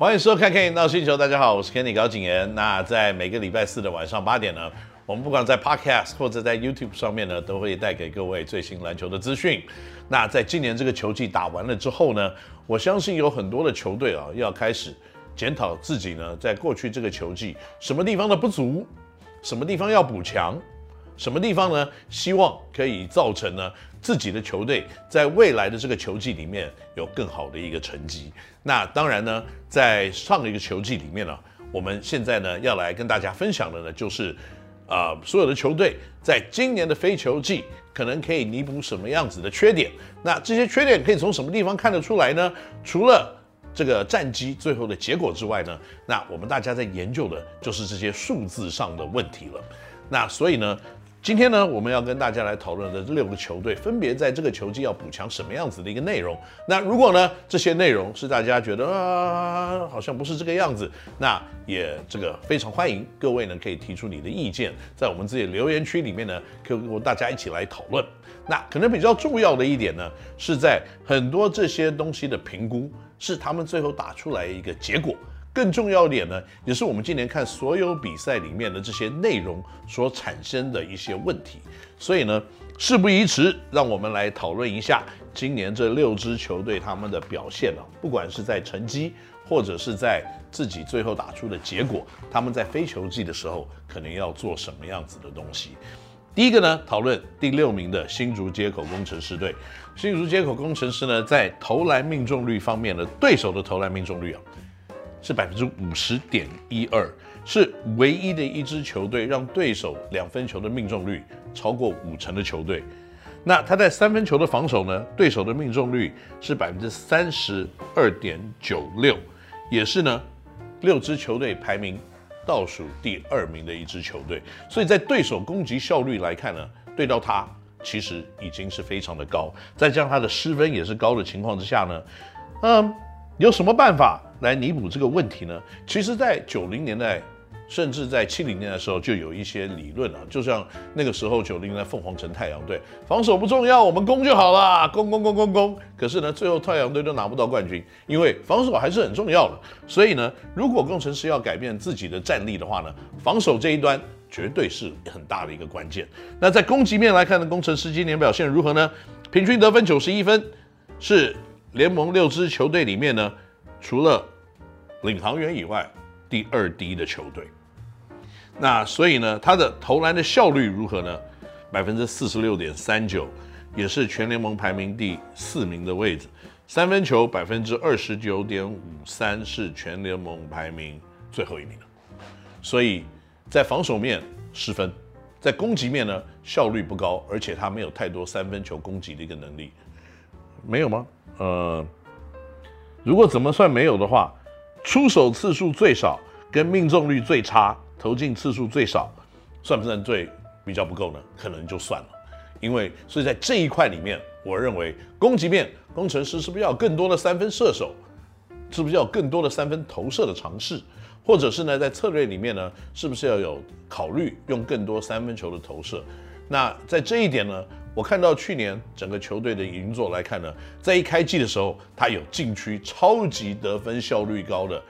歡迎收看《肯尼 NOW 星球》，大家好，我是肯尼高景炎。那在每個禮拜四的晚上八點呢，我們不管在 Podcast 或者在 YouTube 上面呢，都會帶給各位最新籃球的資訊。那在今年這個球季打完了之後呢，我相信有很多的球隊啊，要開始檢討自己呢，在過去這個球季什麼地方的不足，什麼地方要補強，什麼地方呢，希望可以造成呢。自己的球隊在未來的這個球季裡面有更好的一個成績。那當然呢，在上一個球季裡面呢，啊，我們現在呢要來跟大家分享的呢，就是，啊，所有的球隊在今年的非球季可能可以彌補什麼樣子的缺點？那這些缺點可以從什麼地方看得出來呢？除了這個戰績最後的結果之外呢，那我們大家在研究的就是這些數字上的問題了。那所以呢，今天呢，我們要跟大家來討論的這六個球隊，分別在這個球季要補強什麼樣子的一個內容。那如果呢，這些內容是大家覺得啊，好像不是這個樣子，那也這個非常歡迎各位呢可以提出你的意見，在我們自己留言區裡面呢，可以跟大家一起來討論。那可能比較重要的一點呢，是在很多這些東西的評估，是他們最後打出來一個結果。更重要點呢，也是我們今年看所有比賽裡面的這些內容所產生的一些問題。所以呢，事不宜遲，讓我們來討論一下今年這六支球隊他們的表現啊，不管是在成績，或者是在自己最後打出的結果，他們在非球季的時候可能要做什麼樣子的東西。第一個呢，討論第六名的新竹街口攻城獅隊。新竹街口攻城獅呢，在投籃命中率方面的對手的投籃命中率啊。是百分之五十點一二，是唯一的一支球隊讓對手兩分球的命中率超過五成的球隊。那他在三分球的防守呢？對手的命中率是百分之三十二點九六，也是呢六支球隊排名倒數第二名的一支球隊。所以在對手攻擊效率來看呢，對到他其實已經是非常的高。再加上他的失分也是高的情況之下呢，嗯，有什麼辦法？來彌補這個問題呢？其實，在九零年代，甚至在七零年代的時候，就有一些理論啊，就像那個時候九零年代鳳凰城太陽隊，防守不重要，我們攻就好了，攻攻攻攻攻。可是呢，最後太陽隊都拿不到冠軍，因為防守還是很重要的。所以呢，如果攻城獅要改變自己的戰力的話呢，防守這一端絕對是很大的一個關鍵。那在攻擊面來看呢，攻城獅今年表現如何呢？平均得分九十一分，是聯盟六支球隊裡面呢，除了領航員以外第二低的球隊，那所以呢，他的投籃的效率如何呢？百分之四十六點三九，也是全聯盟排名第四名的位置。三分球百分之二十九點五三，是全聯盟排名最後一名的。所以在防守面失分，在攻擊面呢效率不高，而且他沒有太多三分球攻擊的一個能力。沒有嗎？呃，如果怎麼算沒有的話。出手次數最少，跟命中率最差，投進次數最少，算不算最比較不夠呢？可能就算了，因為所以在這一塊裡面，我認為攻擊面工程師是不是要更多的三分射手，是不是要更多的三分投射的嘗試，或者是呢，在策略裡面呢，是不是要有考慮用更多三分球的投射？那在這一點呢？我看到，去年整個球隊的運作來看呢，在一開季的時候，他有禁區超級得分效率高的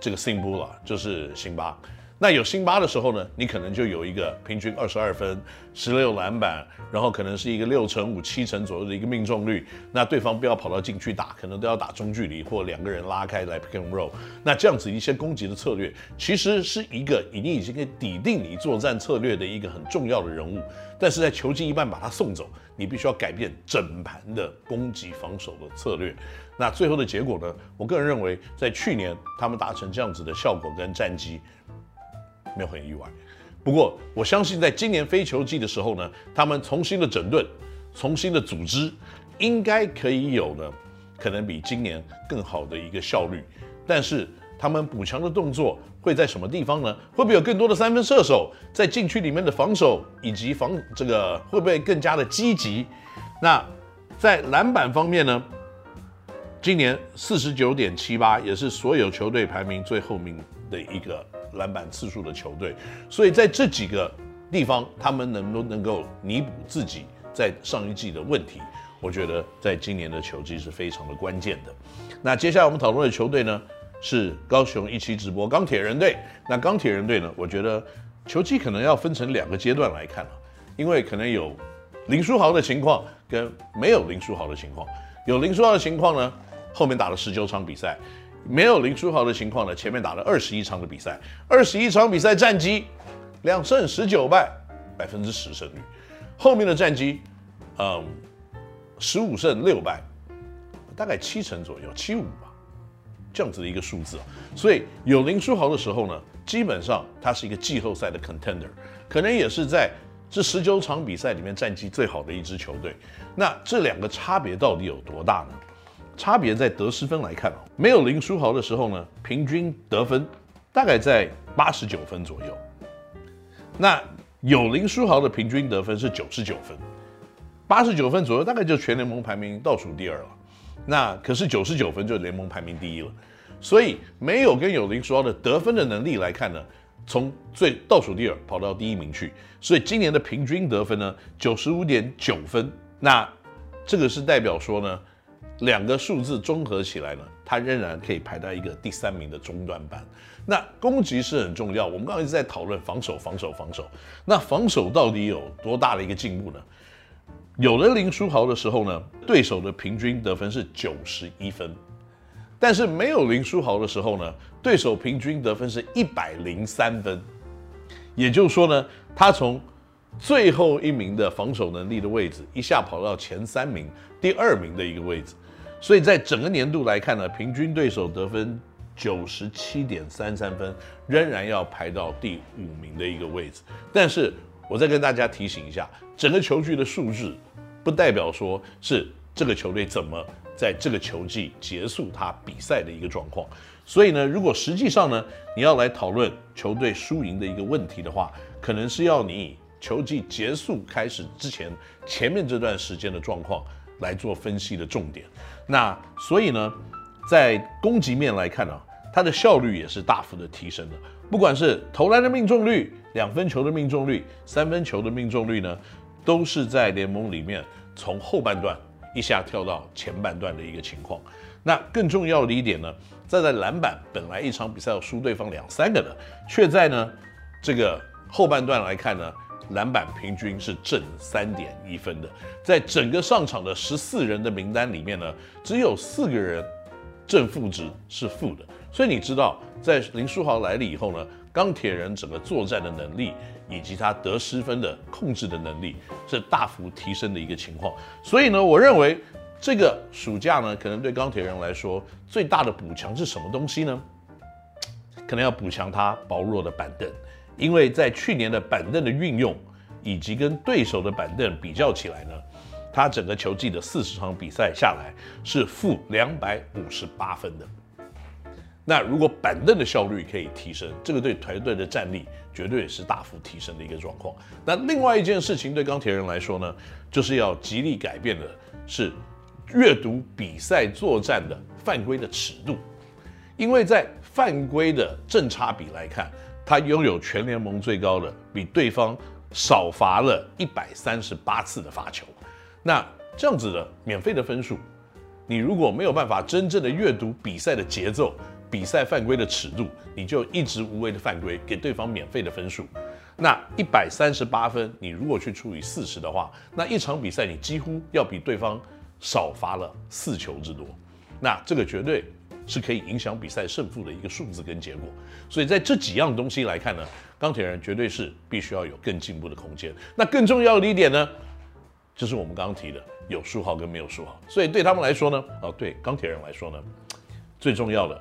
這個 Sim Bhullar，就是辛巴。那有辛巴的時候呢，你可能就有一個平均二十二分，十六籃板，然後可能是一個六成五、七成左右的一個命中率。那對方不要跑到禁區打，可能都要打中距離或兩個人拉開來 pick and roll。那這樣子一些攻擊的策略，其實是一個你已經已經可以抵定你作戰策略的一個很重要的人物。但是在球進一半把他送走，你必須要改變整盤的攻擊防守的策略。那最後的結果呢？我個人認為，在去年他們達成這樣子的效果跟戰績，沒有很意外，不過我相信在今年非球季的時候呢，他們重新的整頓，重新的組織，應該可以有呢，可能比今年更好的一個效率。但是他們補強的動作會在什麼地方呢？會不會有更多的三分射手，在禁區裡面的防守以及防這個會不會更加的積極？那在籃板方面呢？今年四十九點七八也是所有球隊排名最後面的一個。籃板次數的球隊，所以在這幾個地方，他們能不能夠彌補自己在上一季的問題？我覺得在今年的球季是非常的關鍵的。那接下來我們討論的球隊呢，是高雄17直播鋼鐵人隊。那鋼鐵人隊呢，我覺得球季可能要分成兩個階段來看了，啊，因為可能有林書豪的情況跟沒有林書豪的情況。有林書豪的情況呢，後面打了十九場比賽。沒有林書豪的情況呢，前面打了二十一場的比賽，二十一場比賽戰績兩勝十九敗，百分之十勝率。後面的戰績，嗯，十五勝六敗，大概七成左右，七五吧，這樣子的一個數字，啊。所以有林書豪的時候呢，基本上他是一個季後賽的 contender，可能也是在這十九場比賽裡面戰績最好的一支球隊。那這兩個差別到底有多大呢？差別在得失分來看啊、喔，沒有林書豪的時候呢，平均得分大概在八十九分左右。那有林書豪的平均得分是九十九分，八十九分左右大概就全聯盟排名倒數第二了。那可是九十九分就聯盟排名第一了。所以沒有跟有林書豪的得分的能力來看呢，從最倒數第二跑到第一名去。所以今年的平均得分呢，九十五點九分。那這個是代表說呢。兩個數字綜合起來呢，他仍然可以排到一個第三名的中段班。那攻擊是很重要，我們剛剛一直在討論防守，防守，防守。那防守到底有多大的一個進步呢？有了林書豪的時候呢，對手的平均得分是九十一分，但是沒有林書豪的時候呢，對手平均得分是一百零三分。也就是說呢，他從最後一名的防守能力的位置，一下跑到前三名、第二名的一個位置。所以在整個年度來看呢，平均對手得分九十七點三三分，仍然要排到第五名的一個位置。但是，我再跟大家提醒一下，整個球局的數字，不代表說是這個球隊怎麼在這個球季結束他比賽的一個狀況。所以呢，如果實際上呢，你要來討論球隊輸贏的一個問題的話，可能是要你以球季結束開始之前前面這段時間的狀況來做分析的重點，那所以呢，在攻擊面來看呢，啊，它的效率也是大幅的提升的。不管是投籃的命中率、兩分球的命中率、三分球的命中率呢，都是在聯盟裡面從後半段一下跳到前半段的一個情況。那更重要的一點呢，在在籃板，本來一場比賽要輸對方兩三個的，卻在呢這個後半段來看呢。籃板平均是正三點一分的，在整個上場的十四人的名單裡面呢，只有四個人正負值是負的，所以你知道，在林書豪來了以後呢，鋼鐵人整個作戰的能力以及他得失分的控制的能力是大幅提升的一個情況，所以呢，我認為這個暑假呢，可能對鋼鐵人來說最大的補強是什麼東西呢？可能要補強他薄弱的板凳。因為在去年的板凳的運用，以及跟對手的板凳比較起來呢，他整個球季的四十場比賽下來是負兩百五十八分的。那如果板凳的效率可以提升，這個對團隊的戰力絕對是大幅提升的一個狀況。那另外一件事情對鋼鐵人來說呢，就是要極力改變的是閱讀比賽作戰的犯規的尺度，因為在犯規的正差比來看。他擁有全聯盟最高的，比對方少罰了一百三十八次的罰球。那這樣子的免費的分數，你如果沒有辦法真正的閱讀比賽的節奏、比賽犯規的尺度，你就一直無謂的犯規，給對方免費的分數。那一百三十八分，你如果去除以四十的話，那一場比賽你幾乎要比對方少罰了四球之多。那這個絕對。是可以影響比賽勝負的一個數字跟結果，所以在這幾樣東西來看呢，鋼鐵人絕對是必須要有更進步的空間。那更重要的一點呢，就是我們剛剛提的有書豪跟沒有書豪。所以對他們來說呢，哦，對鋼鐵人來說呢，最重要的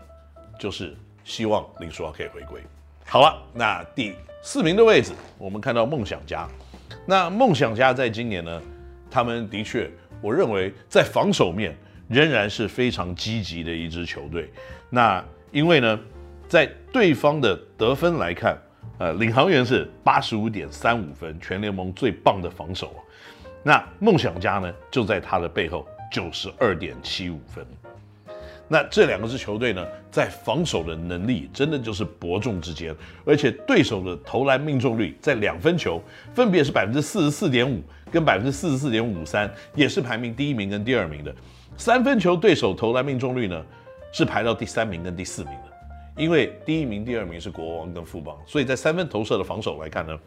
就是希望林書豪可以回歸。好了，啊，那第四名的位置，我們看到夢想家，那夢想家在今年呢，他們的確，我認為在防守面。仍然是非常積極的一支球隊。那因為呢，在對方的得分來看，呃，領航員是八十五點三五分，全聯盟最棒的防守啊。那夢想家呢，就在他的背後九十二點七五分。那這兩個支球隊呢，在防守的能力真的就是伯仲之間，而且對手的投籃命中率在兩分球分別是百分之四十四點五跟百分之四十四點五三，也是排名第一名跟第二名的。三分球對手投籃命中率呢，是排到第三名跟第四名的。因為第一名、第二名是國王跟富邦，所以在三分投射的防守來看呢，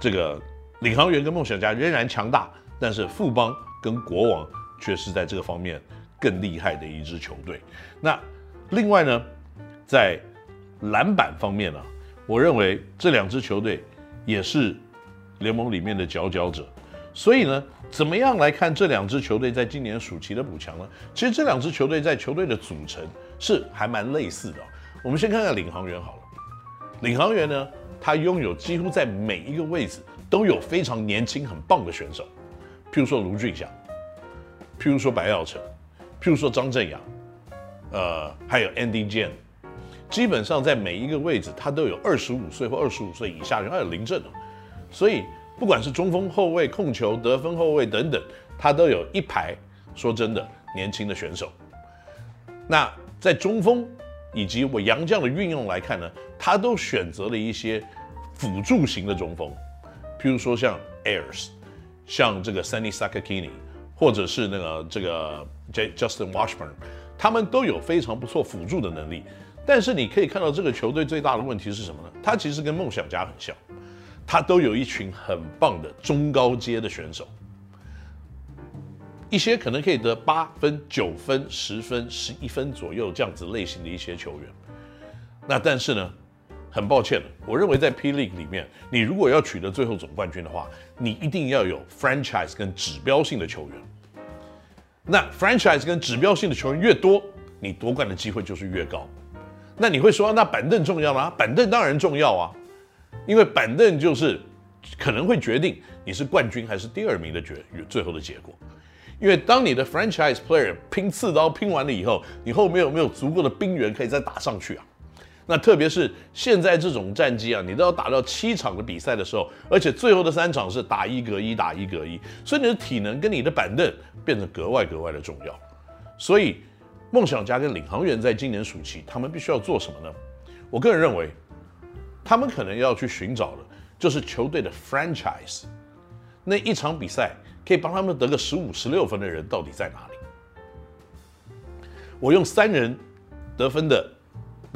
這個領航員跟夢想家仍然強大，但是富邦跟國王卻是在這個方面。更厲害的一支球隊。那另外呢，在籃板方面呢、啊，我認為這兩支球隊也是聯盟裡面的佼佼者。所以呢，怎麼樣來看這兩支球隊在今年暑期的補強呢？其實這兩支球隊在球隊的組成是還蠻類似的。我們先看看領航員好了，領航員呢，他擁有幾乎在每一個位置都有非常年輕很棒的選手，譬如說盧俊祥，譬如說白耀成。譬如說張震陽，呃，還有 Andy Jane，基本上在每一個位置他都有二十五歲或二十五歲以下，然後還有林政，所以不管是中鋒、後衛、控球、得分後衛等等，他都有一排。說真的，年輕的選手。那在中鋒以及我洋將的運用來看呢，他都選擇了一些輔助型的中鋒，譬如說像 Ayers，像這個 Sani Sakakini 或者是那個這個 J Justin Washburn，他們都有非常不錯輔助的能力，但是你可以看到這個球隊最大的問題是什麼呢？他其實跟夢想家很像，他都有一群很棒的中高階的選手，一些可能可以得八分、九分、十分、十一分左右這樣子類型的一些球員，那但是呢，很抱歉，我認為在 P League 裡面，你如果要取得最後總冠軍的話，你一定要有 franchise 跟指標性的球員。那 franchise 跟指標性的球員越多，你奪冠的機會就是越高。那你會說，那板凳重要嗎？板凳當然重要啊，因為板凳就是可能會決定你是冠軍還是第二名的決最後的結果。因為當你的 franchise player 拼刺刀拼完了以後，你後面有沒有足夠的兵源可以再打上去啊？那特別是現在這種戰績啊，你都要打到七場的比賽的時候，而且最後的三場是打一隔一打一隔一，所以你的體能跟你的板凳變得格外格外的重要。所以，夢想家跟領航員在今年暑期，他們必須要做什麼呢？我個人認為，他們可能要去尋找的就是球隊的 franchise。那一場比賽可以幫他們得個十五、十六分的人到底在哪裡？我用三人得分的。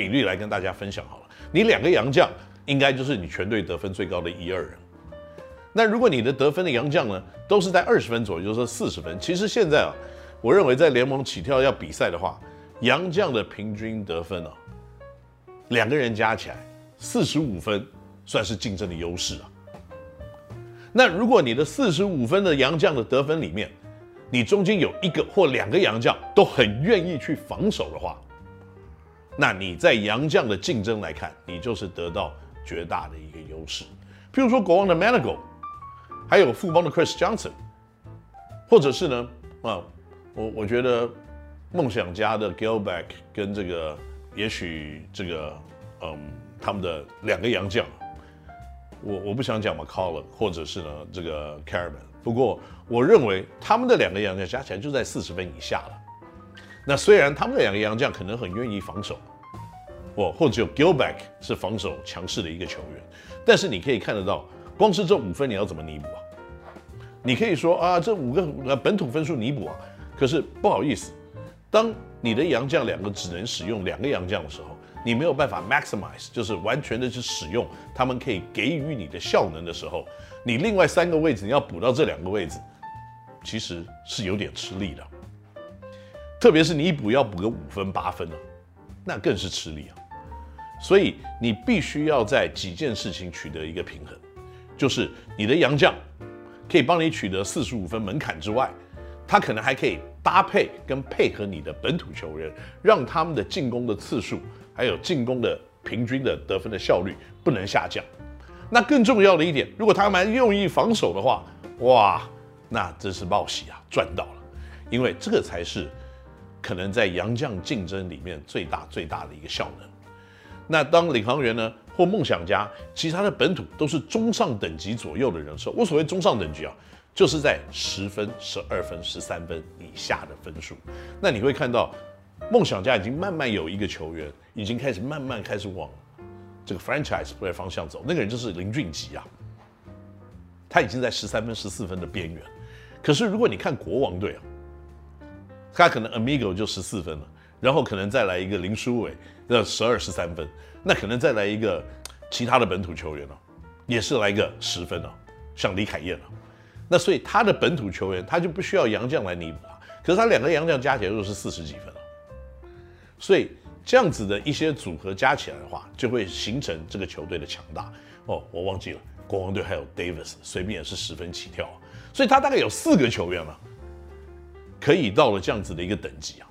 比率來跟大家分享好了，你兩個洋將應該就是你全隊得分最高的一二人。那如果你的得分的洋將呢，都是在二十分左右，就是四十分。其實現在啊，我認為在聯盟起跳要比賽的話，洋將的平均得分啊，兩個人加起來四十五分，算是競爭的優勢啊。那如果你的四十五分的洋將的得分裡面，你中間有一個或兩個洋將都很願意去防守的話。那你在洋將的競爭來看，你就是得到絕大的一個優勢。譬如說國王的 Manago，還有富邦的 Chris Johnson，或者是呢，啊，我我覺得夢想家的 Gilbeck 跟這個，也許這個，嗯，他們的兩個洋將，我我不想講 McCallum，或者是呢這個 Caravan，不過我認為他們的兩個洋將加起來就在四十分以下了。那雖然他們的兩個洋將可能很願意防守，哦，或者只有 Gillback 是防守強勢的一個球員，但是你可以看得到，光是這五分你要怎麼彌補啊？你可以說啊，這五個、啊、本土分數彌補啊，可是不好意思，當你的洋將兩個只能使用兩個洋將的時候，你沒有辦法 maximize，就是完全的去使用他們可以給予你的效能的時候，你另外三個位置你要補到這兩個位置，其實是有點吃力的。特別是你補要補個五分八分啊，那更是吃力啊。所以你必須要在幾件事情取得一個平衡，就是你的洋將可以幫你取得四十五分門檻之外，他可能還可以搭配跟配合你的本土球員，讓他們的進攻的次數還有進攻的平均的得分的效率不能下降。那更重要的一點，如果他們用意防守的話，哇，那真是冒喜啊，賺到了，因為這個才是。可能在洋將競爭裡面最大最大的一個效能。那當領航員呢，或夢想家，其他的本土都是中上等級左右的人的時候，我所謂中上等級啊，就是在十分、十二分、十三分以下的分數。那你會看到，夢想家已經慢慢有一個球員已經開始慢慢開始往這個 franchise player 方向走。那個人就是林俊吉啊，他已經在十三分、十四分的邊緣。可是如果你看國王隊啊。他可能 Amigo 就十四分了，然後可能再來一個林書偉，那十二十三分，那可能再來一個其他的本土球員了，也是來一個十分哦，像李凱燕了，那所以他的本土球員他就不需要洋將來彌補了，可是他兩個洋將加起來就是四十幾分了，所以這樣子的一些組合加起來的話，就會形成這個球隊的強大哦。我忘記了，國王隊還有 Davis，隨便也是十分起跳，所以他大概有四個球員了。可以到了這樣子的一個等級啊，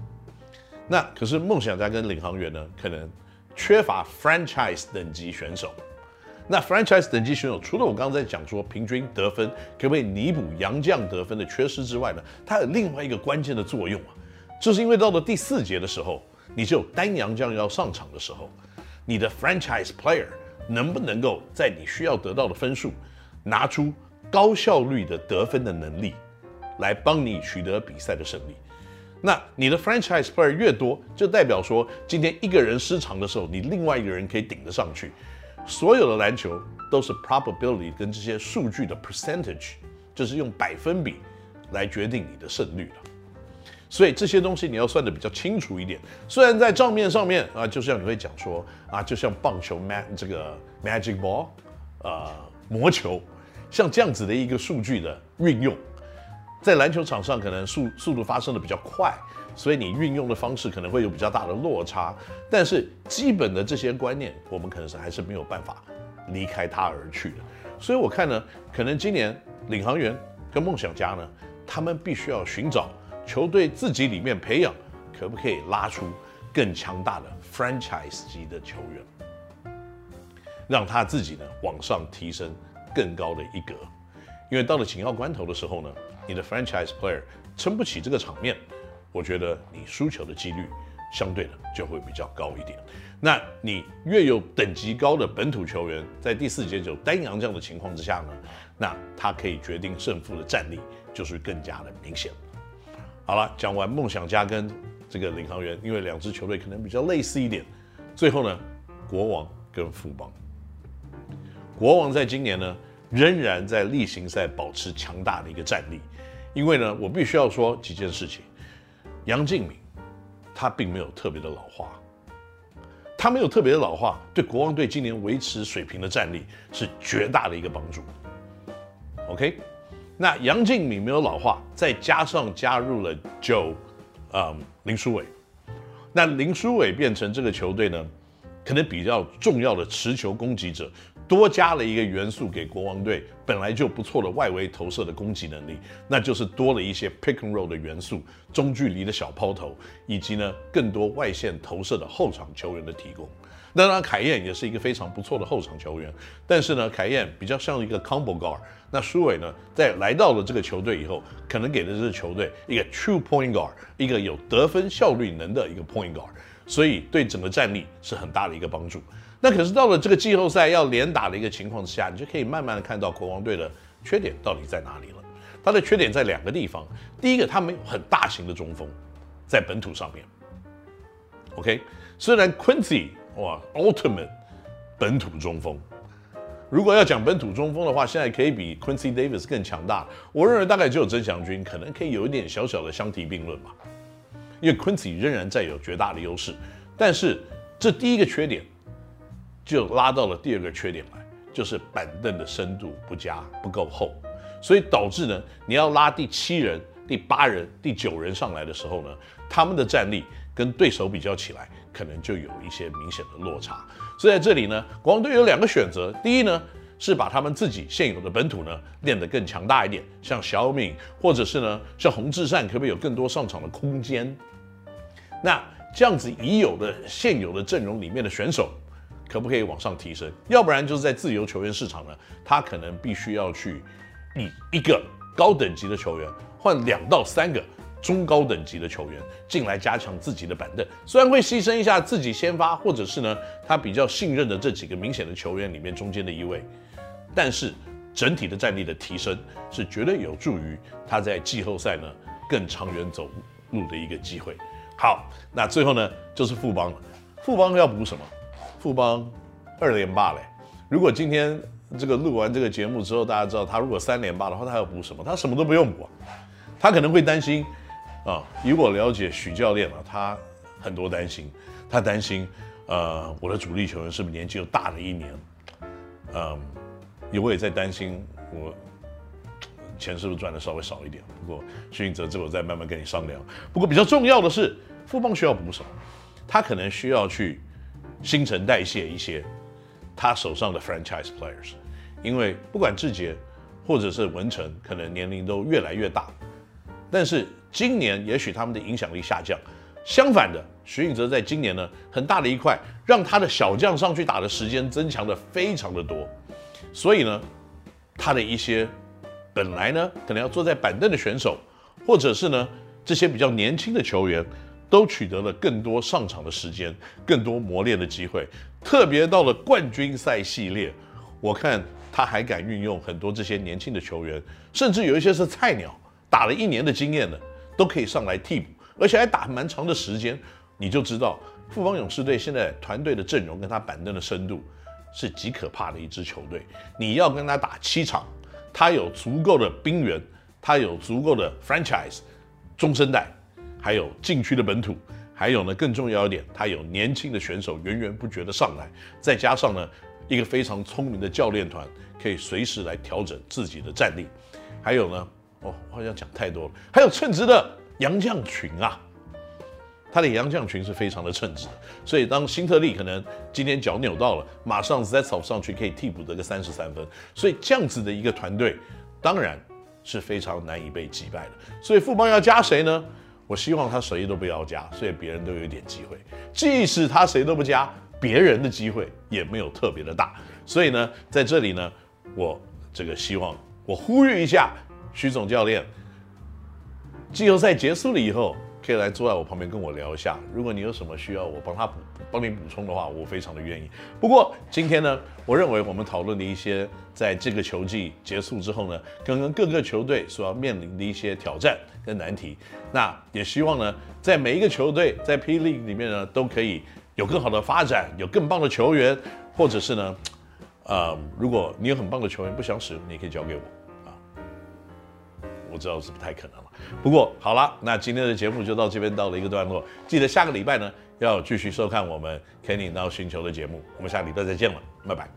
那可是夢想家跟領航員呢，可能缺乏 franchise 等級選手。那 franchise 等級選手除了我剛剛在講說平均得分可不可以彌補洋將得分的缺失之外呢，它有另外一個關鍵的作用啊，就是因為到了第四節的時候，你只有單洋將要上場的時候，你的 franchise player 能不能夠在你需要得到的分數，拿出高效率的得分的能力？來幫你取得比賽的勝利。那你的 franchise player 越多，就代表說今天一個人失常的時候，你另外一個人可以頂得上去。所有的籃球都是 probability 跟這些數據的 percentage，就是用百分比來決定你的勝率的。所以這些東西你要算得比較清楚一點。雖然在賬面上面啊，就像你會講說啊，就像棒球 mag 這個 magic ball，呃，魔球，像這樣子的一個數據的運用。在籃球場上，可能速速度發生的比較快，所以你運用的方式可能會有比較大的落差。但是基本的這些觀念，我們可能是還是沒有辦法離開它而去的。所以我看呢，可能今年領航員跟夢想家呢，他們必須要尋找球隊自己裡面培養，可不可以拉出更強大的 franchise 級的球員，讓他自己呢往上提升更高的一格。因為到了緊要關頭的時候呢，你的 franchise player 撐不起這個場面，我覺得你輸球的幾率相對的就會比較高一點。那你越有等級高的本土球員，在第四節就單洋將這樣的情況之下呢，那他可以決定勝負的戰力就是更加的明顯。好了，講完夢想家跟這個領航員，因為兩支球隊可能比較類似一點。最後呢，國王跟富邦。國王在今年呢，仍然在例行賽保持強大的一個戰力。因為呢，我必須要說幾件事情。楊敬敏，他並沒有特別的老化，他沒有特別的老化，對國王隊今年維持水平的戰力是絕大的一個幫助。OK，那楊敬敏沒有老化，再加上加入了就，呃林書緯，那林書緯變成這個球隊呢，可能比較重要的持球攻擊者。多加了一個元素給國王隊本來就不錯的外圍投射的攻擊能力，那就是多了一些 pick and roll 的元素，中距離的小拋投，以及呢更多外線投射的後場球員的提供。那當然，凱燕也是一個非常不錯的後場球員，但是呢，凱燕比較像一個 combo guard。那蘇偉呢，在來到了這個球隊以後，可能給了這個球隊一個 true point guard，一個有得分效率能的一個 point guard，所以對整個戰力是很大的一個幫助。那可是到了這個季後賽要連打的一個情況之下，你就可以慢慢的看到國王隊的缺點到底在哪裡了。他的缺點在兩個地方，第一個他沒有很大型的中鋒，在本土上面。OK，雖然 Quincy 哇 ultimate 本土中鋒，如果要講本土中鋒的話，現在可以比 Quincy Davis 更強大。我認為大概只有曾祥鈞，可能可以有一點小小的相提並論吧。因為 Quincy 仍然占有絕大的優勢，但是這第一個缺點。就拉到了第二個缺點來，就是板凳的深度不佳、不夠厚，所以導致呢，你要拉第七人、第八人、第九人上來的時候呢，他們的戰力跟對手比較起來，可能就有一些明顯的落差。所以在這裡呢，國王隊有兩個選擇，第一呢是把他們自己現有的本土呢練得更強大一點，像小敏或者是呢像洪志善，可不可以有更多上場的空間？那這樣子已有的現有的陣容裡面的選手，可不可以往上提升？要不然就是在自由球員市場呢，他可能必須要去以一個高等級的球員換兩到三個中高等級的球員進來，加強自己的板凳，雖然會犧牲一下自己先發或者是呢他比較信任的這幾個明顯的球員裡面中間的一位，但是整體的戰力的提升是絕對有助於他在季後賽呢更長遠走路的一個機會。好，那最後呢就是富邦了，富邦要補什麼？富邦二連霸嘞、欸，如果今天這個錄完這個節目之後，大家知道他如果三連霸的話，他要補什麼？他什麼都不用補，啊，他可能會擔心。啊，以我了解許教練啊，他很多擔心，他擔心呃我的主力球員是不是年紀又大了一年？嗯、呃，也我也在擔心我錢是不是賺的稍微少一點。不過許晉哲，這個我再慢慢跟你商量。不過比較重要的是富邦需要補什麼，他可能需要去。新陳代謝一些，他手上的 franchise players，因為不管志杰或者是文成，可能年齡都越來越大，但是今年也許他們的影響力下降。相反的，徐雲澤在今年呢，很大的一塊讓他的小將上去打的時間增強的非常的多，所以呢，他的一些本來呢可能要坐在板凳的選手，或者是呢這些比較年輕的球員，都取得了更多上場的時間，更多磨練的機會。特別到了冠軍賽系列，我看他還敢運用很多這些年輕的球員，甚至有一些是菜鳥，打了一年的經驗了都可以上來替補，而且還打蠻長的時間。你就知道，富邦勇士隊現在團隊的陣容跟他板凳的深度，是極可怕的一支球隊。你要跟他打七場，他有足夠的兵源，他有足夠的 franchise，中生代。還有禁區的本土，還有呢，更重要一點，他有年輕的選手源源不絕的上來，再加上呢，一個非常聰明的教練團，可以隨時來調整自己的戰力，還有呢，哦，好像講太多了，還有稱職的洋將群啊，他的洋將群是非常的稱職的，所以當辛特利可能今天腳扭到了，馬上 Zest 上去可以替補得個三十三分，所以這樣子的一個團隊，當然是非常難以被擊敗的，所以富邦要加誰呢？我希望他誰都不要加，所以別人都有一點機會。即使他誰都不加，別人的機會也沒有特別的大。所以呢，在這裡呢，我這個希望我呼籲一下，徐總教練，季後賽結束了以後，可以來坐在我旁邊跟我聊一下。如果你有什麼需要，我幫他補。幫你補充的話，我非常的願意。不過今天呢，我認為我們討論的一些在這個球季結束之後呢，剛剛各個球隊所要面臨的一些挑戰跟難題，那也希望呢，在每一個球隊在 P League 裡面呢，都可以有更好的發展，有更棒的球員，或者是呢，呃、如果你有很棒的球員不想使用，你可以交給我啊，我知道是不太可能了。不過好了，那今天的節目就到這邊到了一個段落，記得下個禮拜呢，要繼續收看我們 Kenny NOW 星球的節目，我們下禮拜再見了，拜拜。